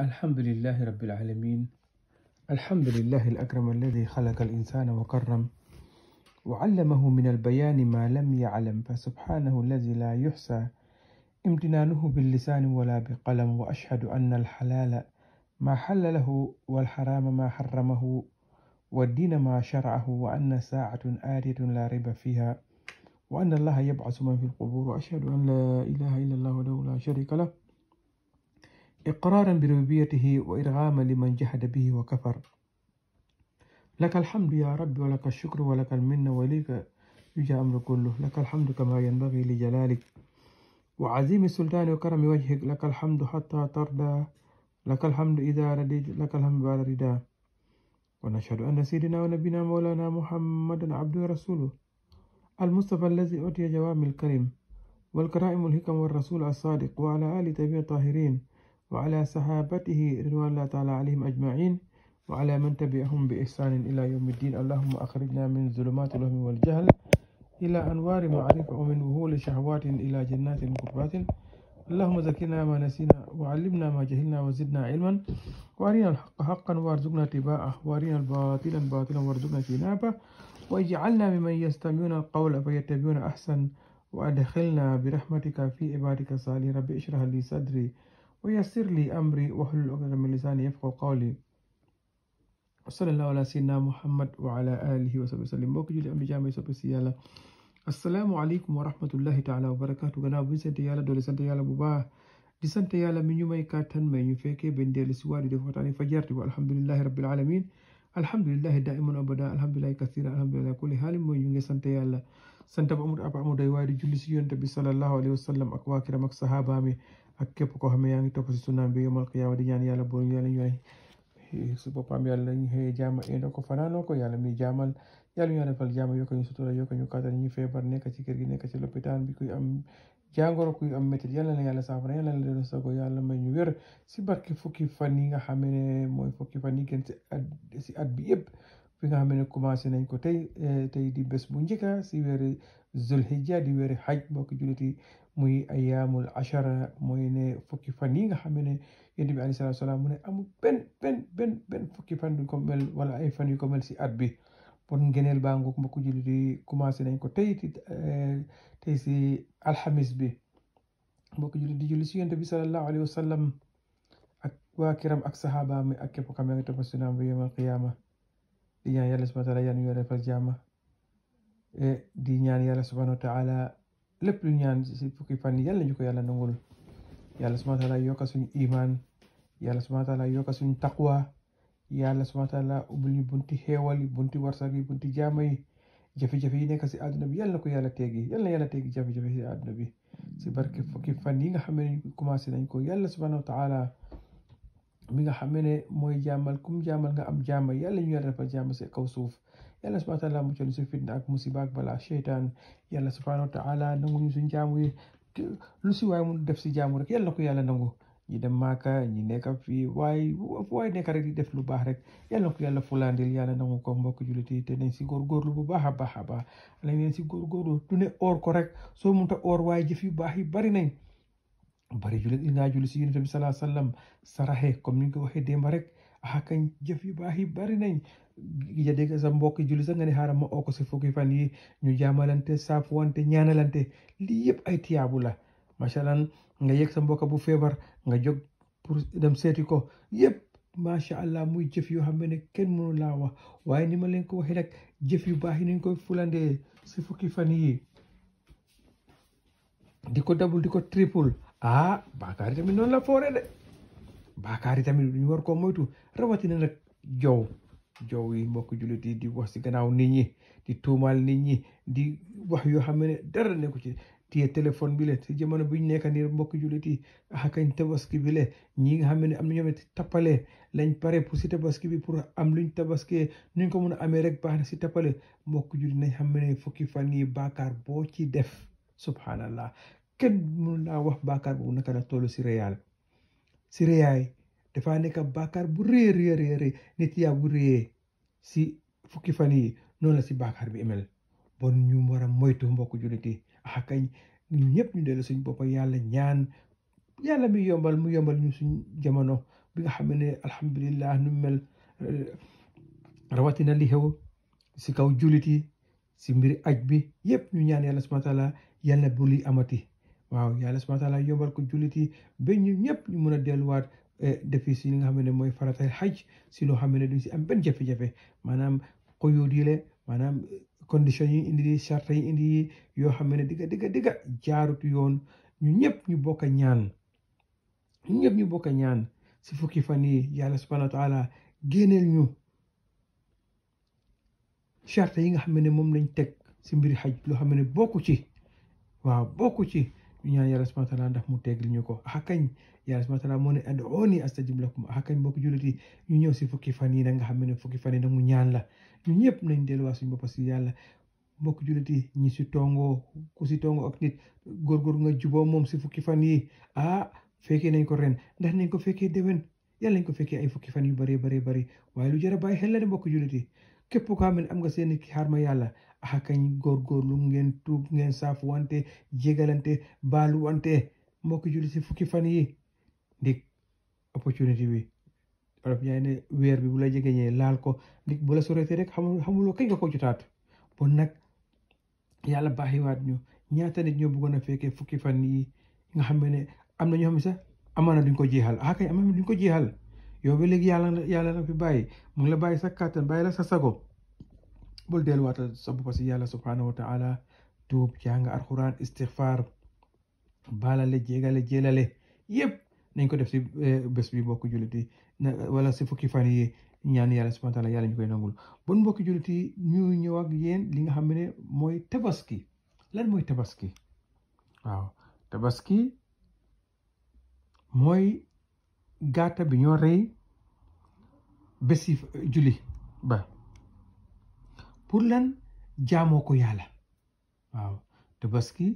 الحمد لله رب العالمين الحمد لله الأكرم الذي خلق الإنسان وكرم وعلمه من البيان ما لم يعلم فسبحانه الذي لا يحصى امتنانه باللسان ولا بقلم وأشهد أن الحلال ما حلله والحرام ما حرمه والدين ما شرعه وأن ساعة آتية لا ريب فيها وأن الله يبعث من في القبور وأشهد أن لا إله إلا الله وحده لا شريك له إقرارا بربوبيته وإرغاما لمن جحد به وكفر لك الحمد يا رب ولك الشكر ولك المنة وليك يجى أمر كله لك الحمد كما ينبغي لجلالك وعظيم السلطان وكرم وجهك لك الحمد حتى ترضى لك الحمد إذا رديت لك الحمد بعد رداء ونشهد أن سيدنا ونبينا مولانا محمدا عبده ورسوله المصطفى الذي أعطي جوامع الكريم والكرائم الحكم والرسول الصادق وعلى آل تبيه الطاهرين وعلى صحابته رضوان الله تعالى عليهم أجمعين وعلى من تبعهم بإحسان إلى يوم الدين اللهم أخرجنا من ظلمات الوهم والجهل إلى أنوار معرفة ومن وهول شهوات إلى جنات وقربات اللهم ذكرنا ما نسينا وعلمنا ما جهلنا وزدنا علما وارنا الحق حقا وارزقنا اتباعه وارنا الباطلا باطلا وارزقنا اجتنابه واجعلنا ممن يستمعون القول فيتبعون احسن وادخلنا برحمتك في عبادك الصالحين رب اشرح لي صدري ويسر لي أمري وحل عقدة من لساني يفقه قولي وصلى الله على سيدنا محمد وعلى آله وصحبه وسلم بوك جولي أمي جامعي صحبه سيالة السلام عليكم ورحمة الله تعالى وبركاته غنا بن سنتيالة دولي سنتيالة ببا دي سنتيالة من يومي كاتن من يفكي بين دي لسواري دي فقط عني فجرت والحمد لله رب العالمين الحمد لله دائما أبدا الحمد لله كثيرا الحمد لله كل حال من يومي سنتيالة سنتب عمر أبا عمر دي واري جولي سيون صلى الله عليه وسلم أكواكرا مك صحابامي ak képp koo xam ne yaa ngi topp si sunnaam bi yomal qiyaama di ñaan yàlla boolu yàlla ñooy su boppam yàlla ñu xëye jaama indoo ko fanaanoo ko yàlla muy jaamal yàlla ñu defal jaama yokk ñu sutura yokk ñu kàttan ñu feebar nekk ci kër gi nekk ci lopitaan bi kuy am jàngoro kuy am métit yàlla na yàlla saafara yàlla na leen sago yàlla may ñu wér si barki fukki fan yi nga xam ne mooy fokki fan yi gën si at si at bi yëpp fi nga xam commencé nañ ko tey eh, tey di bés bu njëkka ah, si weeri zulhijja di weeri xaj mbokk julliti muy ayaamul achara mooy ne fukki fan yi nga xam ne yonent bi mu ne amul fan yu ko wala ay fan yu ko si at bi bon ngeneel baa ngoog mbokk julliti commencé nañ ko tey eh, tey si alxamis bi mbokk jullit di julli si bi sallallahu alayhi wa sallam ak waa kiram ak saxaabaam ak képp ku amee topp sunnaam ba di ñaan yàlla subhanahu wa taala yàlla ñu yàlla defal jàmm di ñaan yàlla subhanahu taala lépp lu ñaan si fukki fan yàlla ñu ko yàlla nangul yàlla subhanahu wa taala yokka suñu iman yàlla subhanahu wa taala yokka suñu taqwa yàlla subhanahu wa taala ubbil ñu bunti xeewal yi bunti warsag yi bunti jàmm yi jafe-jafe yi nekk si àdduna bi yàlla ko yàlla teegi yàlla na yàlla teegi jafe si àdduna bi si barke fan yi nga xam ne commencé nañ ko yàlla subhanahu wa taala mi nga xam ne mooy jàmmal kum jàmmal nga am jàmm yàlla ñu yàlla defal jàmm si kaw suuf yàlla subhanahu wa taala muccal ñu si fitna ak musiba ak balaa seytaan yàlla subhanahu wa taala nangu ñu suñ jaamu yi lu si waaye mun def si jaamu rek yàlla ko nangu ñi dem maaka ñi nekka fii waaye waaye nekka rek di def lu baax rek yàlla ko yàlla fulaandil yàlla nangu ko mbokk jullit yi te nañ si góorgóorlu bu baax a baax a baax nañ leen si góorgóorlu du ne oor ko rek soo munta oor waaye jëf yu baax yi bari nañ bari julit ina juli si yonent bi salaa sallam saraxe comme ni ñu ko waxee démb rek ah kañ yu baax bari nañ ja dega sa mbokki julli te nga ne xaaral ma oo ko si fukki fan yi ñu jaamalante saafuwante ñaanalante lii yëpp ay la nga yek sa bu febar nga pour dem seeti ko yep macha allah muy jëf yu xam ne kenn mënu la wax waye ni ma ko waxee rek jëf yu baax yi nañ fukki fan yi diko double diko triple ah baakaar tamit noonu la foore yi tamit ñu war koo moytu rawatina nag jow jow yi mbokk jullit di wax si gannaaw nit ñi di tuumaal nit ñi di wax yoo xam ne dara nekku ci téye téléphone bi le si jamono biñ nekk nii mbokk jullit yi ah tabaski bi le ñi nga xam ne am na ñoom tappale lañ pare pour si tabaski bi pour am luñ tabaskee nuñ ko mun a amee rek baax na si tappale mbokk jullit nañ xam ne fan yi baakaar boo ci def subhanallah ken mun naa wax bàkkaar bu naka la toll si réyaal si réyaay dafa nekk bàkkaar bu rëy rëy rëy nit yaa bu si fukki fani, yi la si bakar bi emel, bon ñu war a moytu mbokk jullit yi ah kañ ñun ñëpp ñu dellu suñ bopp yàlla ñaan yàlla mi yombal mu yombal ñu suñ jamono bi nga xam ne alhamdulillah nu mel eh, rawatina li xew si kaw juli yi si mbiri aj bi yépp ñu ñaan yàlla subhana taala yàlla bu li amati waaw yàlla subhaana taala yombal ko jullit yi ñu ñëpp ñu mën a delluwaat eh, defis si li nga xam ne mooy farata xaj si loo xam ne duñ si am benn jafe maanaam xuyuut yi la maanaam eh, condition yi indi charte yi indi yoo xam ne digga digga digga jaarut yoon ñu ñëpp ñu bokk a ñaan ñu ñëpp ñu bokk a ñaan si fukki fan yi yàlla subhaana taala génneel ñu charte yi nga xam ne moom lañ teg si mbiri xaj loo xam ne bokku ci waaw ci ñaan ya, yàlla ya subhanahu wa taala ndax mu teggil ñu ko xakañ yàlla ya subhanahu wa taala moo ne adooni astajib lakum xakañ bokk jullit yi ñu ñëw si fukki fan yi nag nga xam ne fukki fan yi nag mu ñaan la ñu ñëpp nañ delluwaa suñu bopp si yàlla mbokk jullit yi ñi si tongoo ku si tongoo ak nit góorgóor nga juboo moom si fukki fan yi ah fekkee nañ ko ren ndax nañ ko fekkee déwén yàlla nañ ko fekkee ay fukki fan yu bare bare bare waaye lu jar a bàyyi xel la ne mbokk jullit yi képp koo xam am nga seeni xaar ma yàlla ah kañ góorgóorlu ngeen tuub ngeen saafu wante jégalante baalu wante mbokk julli si fukki fan yi ndik opportunité bi olof ne weer bi bu la jegeñee laal ko ndik bu la sorete rek xamuloo kañ nga ko jotaat bon nag yàlla baaxiwaat ñu ñaata nit ñoo bëggoon a fekkee fukki fan yi nga xam ne am na ñoo mi ne sax amaana duñ ko jeexal ah duñ ko jeexal yow bi yobelegi yàlla na fi bàyyi mu ngi la bàyyi sa kàttan bàyyi la sa sago bul delluwaatal sa bopp si yàlla subhanahu wa taala tuub jàng alxuraan istixfaar baalale jéegale jélale yëpp nañ ko def si bés bi mbokk jullit yi wala si fukki fan yi ñaan yàlla subhanahu wa taala yàlla ñu koy nangul bon mbokk jullit yi ñu ñëw ak yéen li nga xam ne mooy tabaski lan mooy tabaski waaw tabaski mooy gaata bi ñoo rey bési ba pour lan jaamoo ko yàlla waaw te baski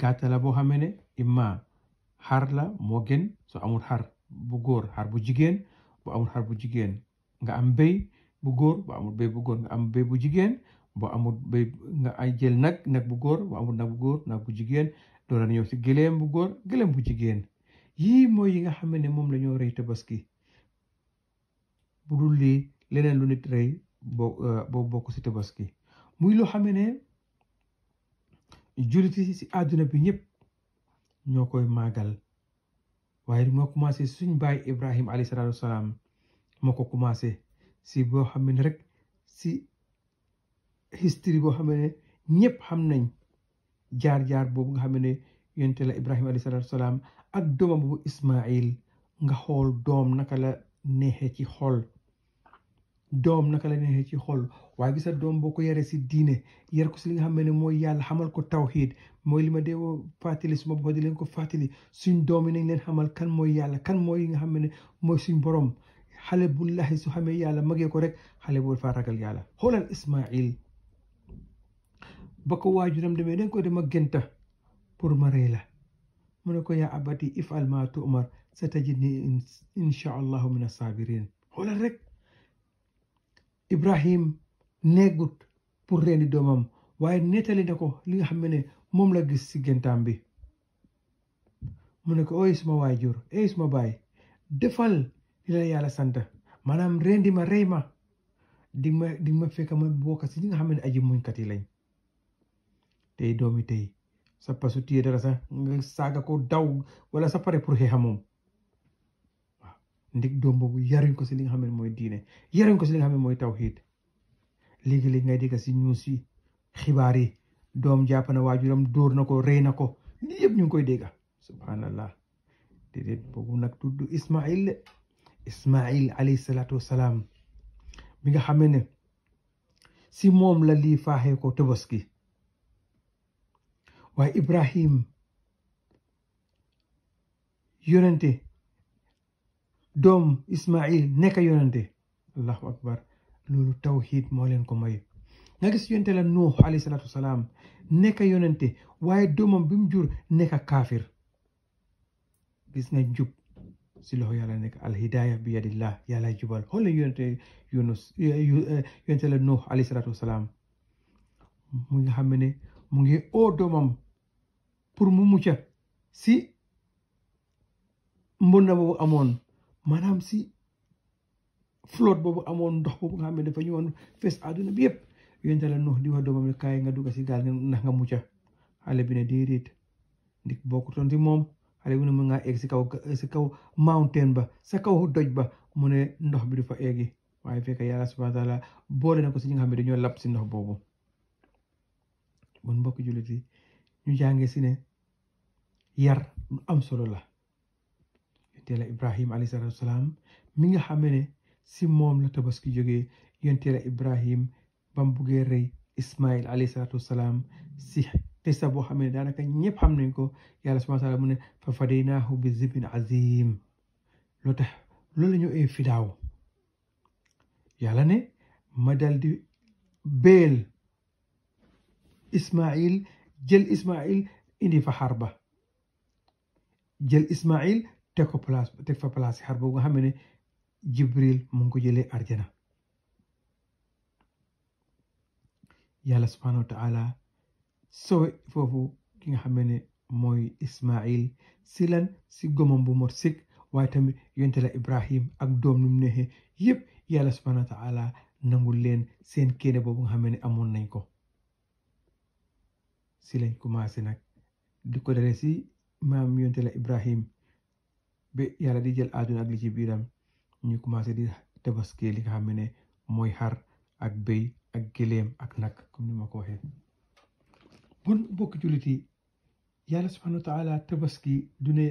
gaata la boo xam ne imma xar la moo gën soo amul xar bu góor xar bu jigéen bu amul xar bu jigéen nga am béy bu góor bu bu nga am béy bu jigéen boo amul béy ay jël nag nag bu góor nag bu góor nag bu jigéen doola na ñëw si gëléem bu góor gëléem bu jigéen yii mooy yi nga xam ne moom la ñoo rey tabaski bu dul lii leneen lu nit rey boo euh, bokk ci tabaski muy loo xam ne julliti si àdduna bi ñëpp ñoo koy màggal waaye moo commencé suñ baay Ibrahim alayhi salaatu moo ko commencé si boo xam ne rek si history boo xam ne ñëpp xam nañ jaar-jaar boobu nga xam ne yonte la Ibrahim alayhi salaatu wasalaam ak doomam bu Ismaayil nga xool doom naka la neexee ci xol doom naka la neexee ci xol waaye gisa doom boo ko yaree si diine yar ko si li nga xam ne mooy yàlla xamal ko tawxiid mooy li ma dee woo fàttali suma boo di leen ko fàttali suñ doom yi nañ leen xamal kan mooy yàlla kan mooy yi nga xam ne mooy suñ borom xale bu laxi su xamee yàlla magee ko rek xale bu faa ragal yàlla xoolal Ismaayil ba ko waajuram demee dañ ko dema gënta pour ma rey la mu ne ko yaa abati ma maa tu'mar sa tajidni insha allahu min asaabirin wala rek ibrahim neegut pour rendi doomam waaye nettali na ko li nga xam ne moom la gis si géntaam bi mu ne ko ooy suma waajur ooy suma baay defal li la yàlla sant maanaam rendi ma rey ma di ma di ma fekk ma bokk si li nga xam ne aji muñkat yi lañ tey doomi tey sa pasu téye dara sax nga saaga ko daw wala sa pare pour xeex moom waaw doom boobu yaruñ ko si li nga xam ne mooy diine eh. yaruñ ko si li nga xam ne mooy tawxiid léegi-léegi ngay dégg si ñuus yi xibaar yi doom jàpp na waajuram dóor na ko rey na ko lii ngi koy dégg subhanallah déedéet nag tudd Ismail Ismail alayhi salaatu wasalaam bi nga xam ne si moom la lii faaxee ko tabaski waaye Ibrahim yonente doom Ismail nekk yonente allahu akbar loolu tawxiid moo leen ko may nga gis yonente la Nuux alayhi salaatu wasalaam nekk yonente waaye doomam bi mu jur nekk kaafir gis nga njub si loxo yàlla nekk alhidaaya bi yadillah yàlla jubal xoolal yonente Yunus yonente la Nuux alayhi salaatu wasalaam mu nga xam mu ngi oo doomam pour mu mucca si na boobu amoon maanaam si flotte boobu amoon ndox boobu nga xam ne dafa ñëwoon fees àdduna bi yëpp yonent di wax doomam ne kaay nga dugg si gaal nga ndax nga mucca xale bi ne déedéet ndik bokkutoon si moom xale bi ne mu nga egg si kaw si kaw mountain ba sa kaw doj ba mu ne ndox bi du fa eggi waaye fekk yàlla subhaana boole na ko si ñi nga xam ne dañoo lab si ndox boobu bon mbokk jullit yi ñu jàngee si ne yar lu am solo la yonteela Ibrahim alayhi salaatu wa salaam mi nga xam ne si moom la tabaski jógee yonteela Ibrahim bam buggee rey Ismail salaam si xisa boo xam ne daanaka ñëpp xam nañ ko yàlla mu ne fa fadaynaahu bi zibin azim loo tax loolu ne ma di beel Ismail jël Ismaïl indi fa xar ba jël Ismaïl teg ko place teg fa place ba nga xam ne Jibril mu ngi ko jëlee arjana yàlla subhanahu wa taala sowe foofu ki nga xam ne mooy Ismaïl si lan si gomam bu mot waa waaye tamit yonte la Ibrahim ak doom nu mu neexee yëpp yàlla subhanahu wa taala nangul leen seen kéene boobu nga xam ne amoon nañ ko si lañ commencé nag di ko dale si maam yonte la Ibrahim ba yàlla di jël àdduna ak li ci biiram ñu commencé di tabaski li nga xam ne mooy xar ak béy ak gëléem ak nag comme ni ma ko waxee bon bokk jullit yi yàlla subhanahu wa taala tabaski du ne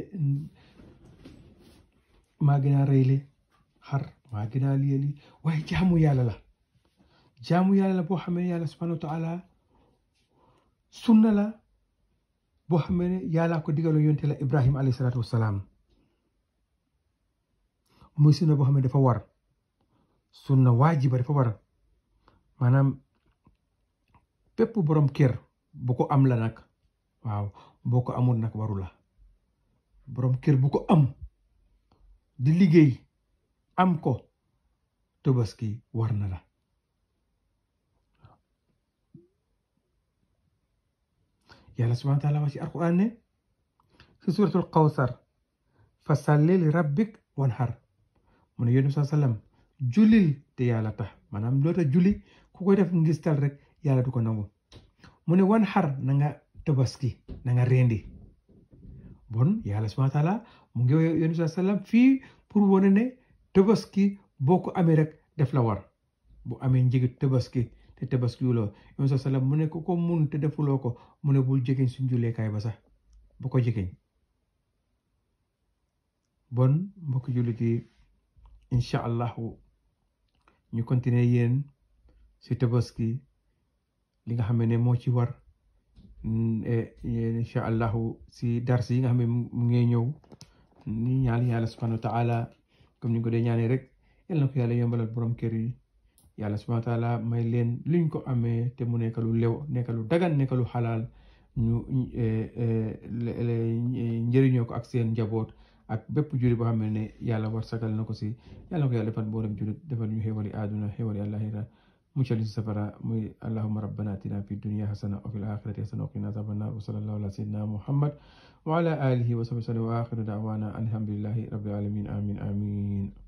reyle xar maa gën a jaamu yàlla la jaamu yàlla la boo xamee yàlla subhanahu wa sunna la boo xam ne yàllaa ko digaloon yonte la Ibrahima alayhi salaatu wasalaam muy sunna boo xam ne dafa war sunna waajiba dafa war maanaam bépp borom kër bu ko am la nag waaw boo ko amul nag waru la borom kër bu ko am di liggéey am ko tabaski war na la yàlla subhaana taala wax ci alquran ne ci suratul kawsar fa salli li rabbik wanhar mu ne yónni saa sallam julil te yàlla tax maanaam loota julli ku koy def ngistal rek yàlla du ko nangu mu ne wanhar na nga tabaski na bon yàlla subhaana taala mu ngi yónni saa sallam fii pour wane ne tabaski boo ko amee rek def la war bu amee njëgi tabaski te tabaskiyuloo yoon sa salam mune ne ko mun te defuloo ko mune bul jegeñ suñ kay ba sax bu bon boko juliti inshallah allahu ñu continuer yeen si tabaski li nga xam ne moo ci war e, incha allahu si dars yi nga xamé mu ni ñaan yalla subhanahu wa taala comme ni ko dee ñaané rek yalla ko yalla yombalal borom kër yi yàlla subhaana taala may leen luñ ko amee te mu nekk lu lew nekk lu dagan nekk lu xalaal ñu eh, eh, njëriñoo ko ak seen njaboot ak bépp jullit boo xam ne yàlla war sagal na ko si yàlla ko yàlla defal mboolem jullit defal ñu xéwali àdduna xéwali àllaaxira muccal si safara muy allahumma rabbana atina fi dunya hasana wa fil akhirati hasana wa qina azaban wa sallallahu ala wa ala alihi wa sahbihi wa axiru alamin amin